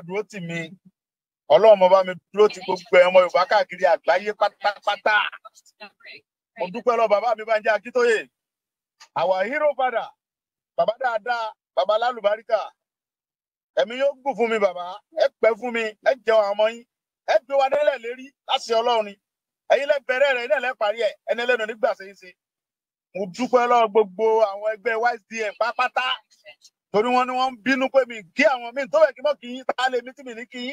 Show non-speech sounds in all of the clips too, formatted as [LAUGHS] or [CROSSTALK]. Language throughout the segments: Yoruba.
dúró tì mí ọlọ́run mo mi dúró ti gbogbo ẹ̀mọ yorùbá káàkiri àgbáyé pátápátá mo dúpẹ́ lọ bàbá mi Bánjí Akíntóyè àwa hero father, bàbá dáadáa bàbá lálùbáríkà ẹ̀mí yóò gùn fún mi bàbá ẹ pẹ́ fún mi ẹ jẹun àwọn ọmọ yín ẹ gbé wa nílẹ̀ lérí láti ọlọ́run ni ẹ̀yin lẹ bẹ̀rẹ̀ rẹ̀ nílẹ̀ parí ẹ̀ ẹni lẹ́nu nígbà ṣe é ṣe mo dúpẹ́ lọ gbogbo àwọn ẹgbẹ́ ysdm pátápátá torí wọn ni wọn ń bínú pé mi kí àwọn míì tó bẹ̀ kí mọ́ kì í ta lèmi tí mi ní kì í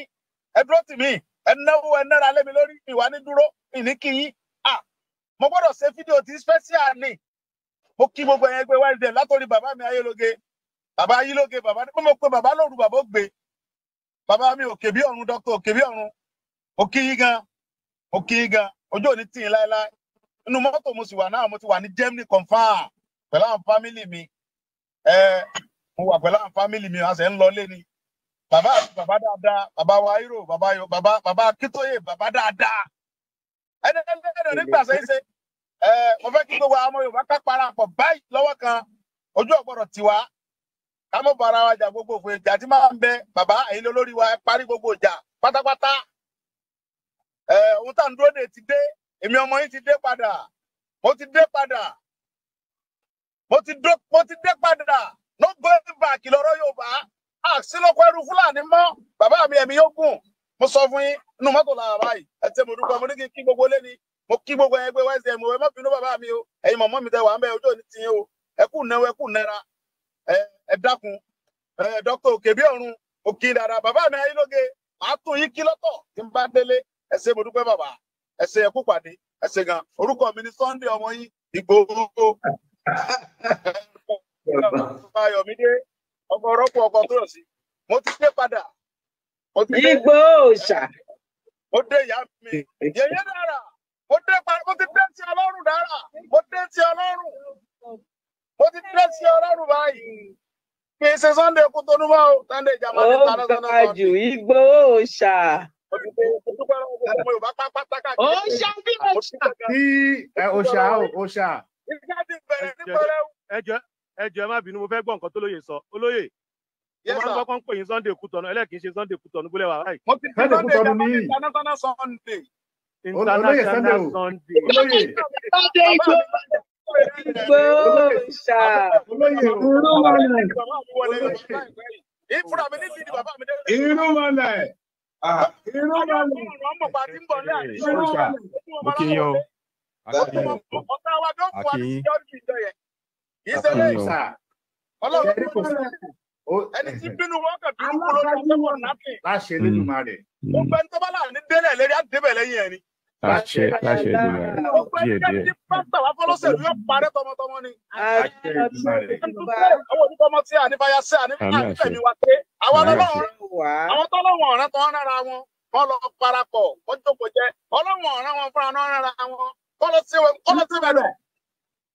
ẹ dúró tì mí ẹ náwó ẹ nára lé mi lórí ìwà ní dúró mi ní kì í à mo gbọ́dọ̀ ṣe fídíò tí special ni mo kí gbogbo ẹ̀yẹn gbé wáyé dẹ̀ látòrí bàbá mi ayélóge bàbá ayélóge bàbá ní mo pe bàbá lóru bàbá ó gbé bàbá mi òkè bí ọ̀run dókítà òkè bí ọ̀run ó kí yí gan ó kí yí gan ojú ò ní tì í láéláé inú mọ́tò mo sì wà náà mo ti wà ní Germany confam pẹ̀lú àwọn fámìlì mi mo wà pẹ̀lú àwọn fámìlì mi a sì ń lọ lé ni bàbá bàbá dáadáa bàbá wairo bàbá yo bàbá bàbá akitoye bàbá dáadáa ẹni nígbà sẹ́yìn ṣe ẹ mo fẹ́ kí gbogbo àwọn Yorùbá ká parapọ̀ lọ́wọ́ kan ojú gbogbo òfin ìjà tí máa ń bẹ wa parí gbogbo ìjà pátápátá ẹ ohun tá ti dé èmi ti dé padà mo ti dé padà no going back lọ́rọ̀ yorùbá àṣìlọ́kọ̀ ah, ẹrú fúlàní mọ́ bàbá mi ẹ̀mí yóò gùn mo sọ fún yín inú mọ́tò làwọn báyìí ẹ tẹ́ mo dúpẹ́ mo ní kí n kí gbogbo lé ni mo kí gbogbo ẹ gbé wáṣẹ mo ẹ má bínú bàbá mi o ẹ̀yin mọ̀mọ́ mi tẹ wà ń bẹ ojú òní ti yín o ẹ kú nẹwọ ẹ kú nẹra ẹ dákun ẹ dókítà òkèbí ọ̀run òkè dada bàbá mi ayé lóge màá tún yín kí lọ́tọ̀ tí n bá délé ẹ ṣé mo dúpẹ́ bàbá ẹ ṣé ẹ kú pàdé ẹ ṣé gan orúkọ mi ni Sunday ọmọ yín Ìgbòho [LAUGHS] Fáyọ̀mídé ọkọ rọ́pò ọkọ tó rọ̀ sí. Mo ti dé padà. Igbó òòṣà. Mo dé ìyá mi. Yèyé dára. Mo dé padà. Mo ti dé ti ọlọ́run dára. Mo dé ti ọlọ́run. Mo ti dé ti ọlọ́run báyìí. Kì í ṣe Sunday kú tó númọ́ o. Sunday ìjàmbá ti ta lọ́sọ̀nà kan. Ó gbàjù igbó òòṣà. Ó ṣàbí òòṣà. Kí òòṣà òòṣà. Ìjà ti bẹ̀rẹ̀ nípẹ̀rẹ̀. Ẹ jẹ́ ẹ jọ̀ọ́ ẹ má bínú mo fẹ́ gbọ́ nǹkan tó lóye sọ olóye mo máa ń gbọ́ pọ́n pè yín Sunday Kútọ̀nù ẹlẹ́kìí ṣe Sunday Kútọ̀nù gbọ́lẹ̀ wà báyìí. mo ti fi Sunday ní international Sunday. international Sunday. olóye Sunday tó gbóòṣà irú wọn lẹ. ìfúra mi ní lídìí bàbá mi dé. irú wọn lẹ. irú wọn lẹ. irú wọn lẹ. mo kì í yan o. a kì í yan o. a kì í yan o kì í ṣẹlẹ̀ ìṣà ọlọ́run tó ń bẹ̀rẹ̀ ẹni tí bínú wọn kà bínú kó ló ń bọ̀ nàkì. láṣẹ nínú ma rẹ. mo gbẹ nítorí bàlá ní délẹ̀ lẹ́rìí á débẹ̀ lẹ́yìn ẹni. láṣẹ láṣẹ nínú ma rẹ. mo gbẹ nítorí tí pásítà wà fọlọ́sẹ̀ ló yọ parẹ́ tọmọtọmọ ni. láṣẹ nínú ma rẹ. àwọn òbí tọmọ tí àníbáyá sí àníbáyá mi wá pé àwọn tọ́lọ́wọ̀n ọ̀rẹ́ tó ń rárá wọn kọ́ lọ parapọ̀ kọ́ jókòó jẹ́ ọlọ́wọ̀n ọ̀rẹ́ wọn fúnra náà rárá wọn kọ́ lọ sí ẹ̀dọ̀.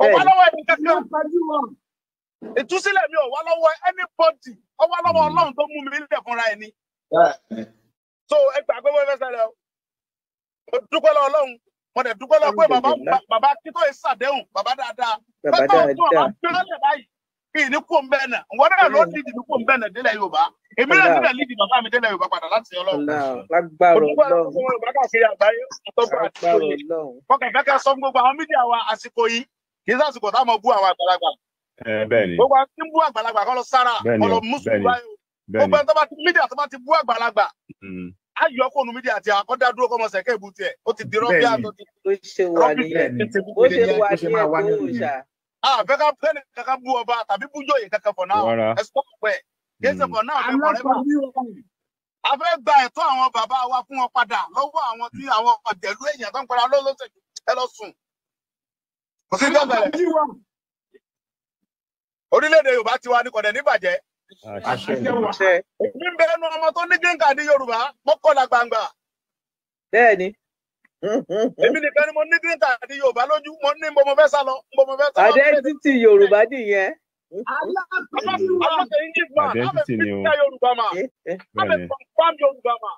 ó wá lọ́wọ́ ẹni kankan ìtúsílẹ̀ mi ò wá lọ́wọ́ anybody ó wá lọ́wọ́ hmm. ọlọ́run tó mú mi nílẹ̀ fúnra ẹni. so ẹ gbà pé wọ́n fẹ́ ṣẹlẹ̀ o mo dúpẹ́ lọ ọlọ́run mo dẹ̀ dúpẹ́ lọ pé bàbá bàbá títọ́ yìí ṣàdéhùn bàbá dáadáa pẹ́tọ́ ọ̀tún ọ̀bá gbẹ́rẹ́lẹ̀ báyìí kí ni kò ń bẹ́ẹ̀ nà wọ́n náà ló ní ìdìbò kò ń bẹ́ẹ̀ nà délẹ̀ Yorùbá èmi náà nílẹ̀ lídìí bàbá mi délẹ̀ Yorùbá padà láti ọlọ́run. lágbára ọlọ́run fọkànfẹ́ ká sọ fún gbogbo àwọn mídíà wa àsìkò yìí kì í sàsìkò tá a mọ bú àwọn àgbàlagbà. gbogbo àti ń bú àgbàlagbà kọ́ lọ sára kọ́ lọ mùsùlùmí báyìí gbogbo ẹni tó bá ti mídíà tó bá ti bú àgbàlagbà ayọ kóònù mídíà tí àkọ́dá dúró kọ́mọ sẹ̀kẹ́ ìbú tiẹ̀ ó ti di rọ́bì àtọ́ ti rọ́bì ó ṣe wà ní ẹ̀kọ́ òòṣà. àbẹ ká bẹ́ẹ̀ ni kankan bú ọba tàbí bújòyè kankan fọ̀ náà ẹ̀sọ́ pẹ̀ kéésì fọ̀ náà fẹ́ kọ́rẹ́ bá. a fẹ́ gba ẹ̀tọ́ àwọn bàbá wa fún wọn padà lọ́wọ́ àwọn tí àwọn ọ̀dẹ̀lú èèyàn tó ń padà lọ́lọ́sẹ̀ ẹ lọ sùn kò sí tó bẹ̀rẹ̀ orílẹ̀-èdè yorùbá tiwa ni kò dẹ̀ ní bàjẹ́ èmi ń bẹ ẹnu ọmọ tó ní green card ní yorùbá mọ́kànlá gbangba. bẹ́ẹ̀ni. èmi nìkan ni mo ní green card ní yorùbá lójú mo ní bó mo fẹ́ sá lọ bó mo fẹ́ sá lọ. identity yorùbá nìyẹn. alákòóso alákòóso yìí ní ìgbà abẹ yorùbá mà abẹ yorùbá mà.